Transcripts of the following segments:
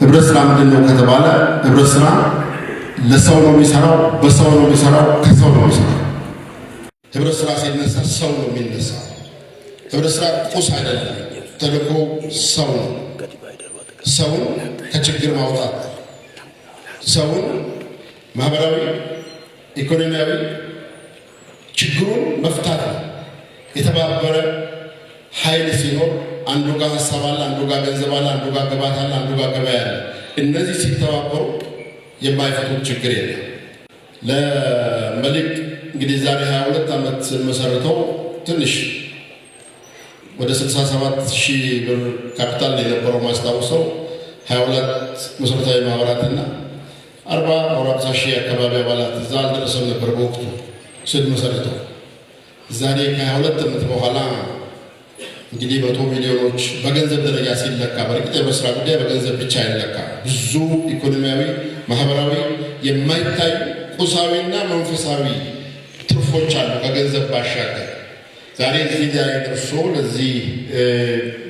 ህብረት ስራ ምንድን ነው ከተባለ ህብረት ስራ ለሰው ነው የሚሰራው፣ በሰው ነው የሚሰራው፣ ከሰው ነው የሚሰራው። ህብረት ስራ ሲነሳ ሰው ነው የሚነሳ። ህብረት ስራ ቁስ አይደለም። ተልእኮ ሰው ነው። ሰውን ከችግር ማውጣት፣ ሰውን ማህበራዊ ኢኮኖሚያዊ ችግሩን መፍታት ነው። የተባበረ ኃይል ሲኖር አንዱ ጋር ሀሳብ አለ፣ አንዱ ጋር ገንዘብ አለ፣ አንዱ ጋር ግባት አለ፣ አንዱ ጋር ገበያ አለ። እነዚህ ሲተባበሩ የማይፈቱት ችግር የለም። ለመልሕቅ እንግዲህ ዛሬ 22 ዓመት መሰርተው ትንሽ ወደ 67 ሺህ ብር ካፒታል የነበረው ማስታውሰው 22 መሰረታዊ ማህበራትና 40 ወር ሺህ አካባቢ አባላት እዛ አልደረሰም ነበር በወቅቱ ስድ ዛሬ ከ22 ዓመት በኋላ እንግዲህ መቶ ሚሊዮኖች በገንዘብ ደረጃ ሲለካ፣ በእርግጥ የመስራ ጉዳይ በገንዘብ ብቻ አይለካ። ብዙ ኢኮኖሚያዊ፣ ማህበራዊ የማይታዩ ቁሳዊና መንፈሳዊ ትርፎች አሉ ከገንዘብ ባሻገር። ዛሬ እዚህ ላይ ደርሶ ለዚህ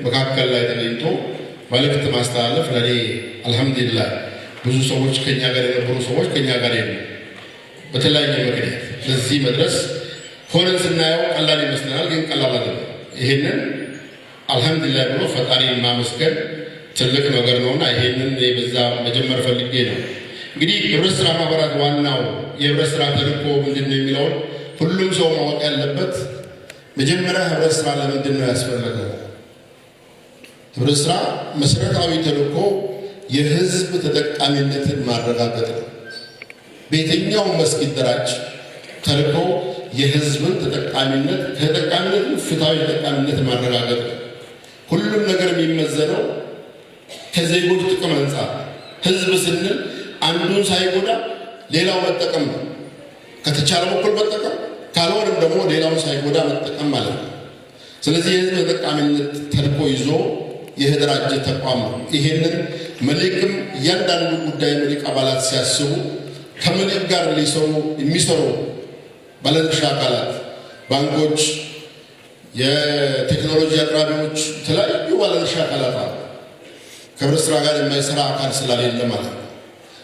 መካከል ላይ ተገኝቶ መልእክት ማስተላለፍ ለእኔ አልሐምዱሊላ ብዙ ሰዎች ከኛ ጋር የነበሩ ሰዎች ከኛ ጋር የሉ በተለያየ ምክንያት ለዚህ መድረስ ሆነን ስናየው ቀላል ይመስለናል፣ ግን ቀላል አይደለም። ይሄንን አልሐምዱሊላህ ብሎ ፈጣሪን ማመስገን ትልቅ ነገር ነውና ይሄንን የበዛ መጀመር ፈልጌ ነው። እንግዲህ የህብረት ስራ ማህበራት ዋናው የህብረት ስራ ተልዕኮ ምንድን ነው የሚለውን ሁሉም ሰው ማወቅ ያለበት መጀመሪያ ህብረት ስራ ለምንድን ነው ያስፈለገው? ህብረት ስራ መሰረታዊ ተልኮ የህዝብ ተጠቃሚነትን ማረጋገጥ ነው። በየትኛውም መስክ ይደራጅ ተልኮ የህዝብን ተጠቃሚነት ተጠቃሚነትን ፍትሐዊ ተጠቃሚነት ማረጋገጥ ነው። ሁሉም ነገር የሚመዘነው ከዜጎች ጥቅም አንጻር ህዝብ ስንል አንዱን ሳይጎዳ ሌላው መጠቀም ነው። ከተቻለ በኩል መጠቀም ካልሆንም ደግሞ ሌላውን ሳይጎዳ መጠቀም ማለት ነው። ስለዚህ የህዝብ ተጠቃሚነት ተልዕኮ ይዞ የተደራጀ ተቋም ነው። ይሄንን መልሕቅም እያንዳንዱ ጉዳይ መልሕቅ አባላት ሲያስቡ ከመሊክ ጋር ሊሰሩ የሚሰሩ ባለድርሻ አካላት ባንኮች የቴክኖሎጂ አቅራቢዎች፣ የተለያዩ ባለድርሻ አካላት አሉ። ከህብረት ስራ ጋር የማይሰራ አካል ስላልሌለ ማለት ነው።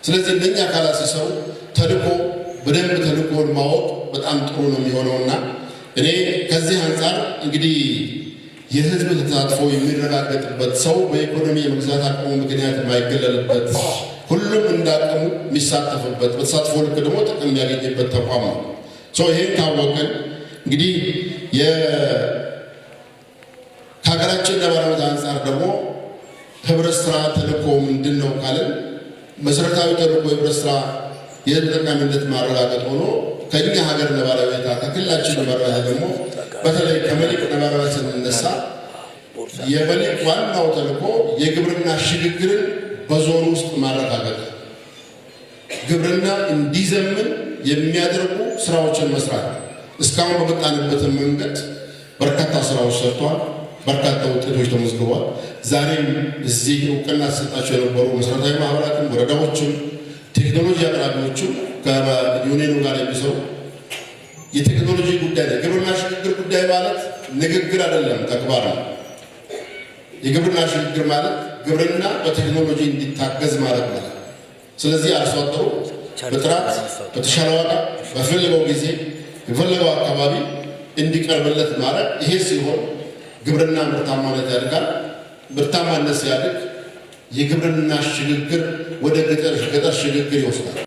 ስለዚህ እነኛ አካላት ሲሰሩ ተልኮ በደንብ ተልኮን ማወቅ በጣም ጥሩ ነው የሚሆነውና እኔ ከዚህ አንጻር እንግዲህ የህዝብ ተሳትፎ የሚረጋገጥበት ሰው በኢኮኖሚ የመግዛት አቅሙ ምክንያት የማይገለልበት ሁሉም እንዳቅሙ የሚሳተፍበት በተሳትፎ ልክ ደግሞ ጥቅም የሚያገኝበት ተቋም ነው። ይህን ታወቅን እንግዲህ ከሀገራችን ነባራዊ አንጻር ደግሞ ህብረት ስራ ተልእኮ ምንድን ነው መሰረታዊ ተልእኮ የህብረት ስራ ማረጋገጥ ሆኖ ከኛ ሀገር ነባራዊ ሁኔታ ከክልላችን ነባራዊ ደግሞ በተለይ ነባራዊ ስንነሳ ዋናው ተልእኮ የግብርና ሽግግርን በዞን ውስጥ ማረጋገጥ፣ ግብርና እንዲዘምን የሚያደርጉ ስራዎችን መስራት እስካሁን በመጣንበትን መንገድ በርካታ ስራዎች ሰርተዋል። በርካታ ውጤቶች ተመዝግቧል። ዛሬም እዚህ እውቅና ተሰጣቸው የነበሩ መሰረታዊ ማህበራትም፣ ወረዳዎችም፣ ቴክኖሎጂ አቅራቢዎችም ከዩኔኑ ጋር የሚሰሩ የቴክኖሎጂ ጉዳይ ነ የግብርና ሽግግር ጉዳይ ማለት ንግግር አይደለም፣ ተግባር ነው። የግብርና ሽግግር ማለት ግብርና በቴክኖሎጂ እንዲታገዝ ማለት ነው። ስለዚህ አርሶ አደሩ በጥራት በተሻለ ዋጋ በፈለገው ጊዜ የፈለገው አካባቢ እንዲቀርብለት ማድረግ። ይሄ ሲሆን ግብርና ምርታማነት ያድጋል። ምርታማነት ሲያድግ የግብርና ሽግግር ወደ ገጠር ሽግግር ይወስዳል።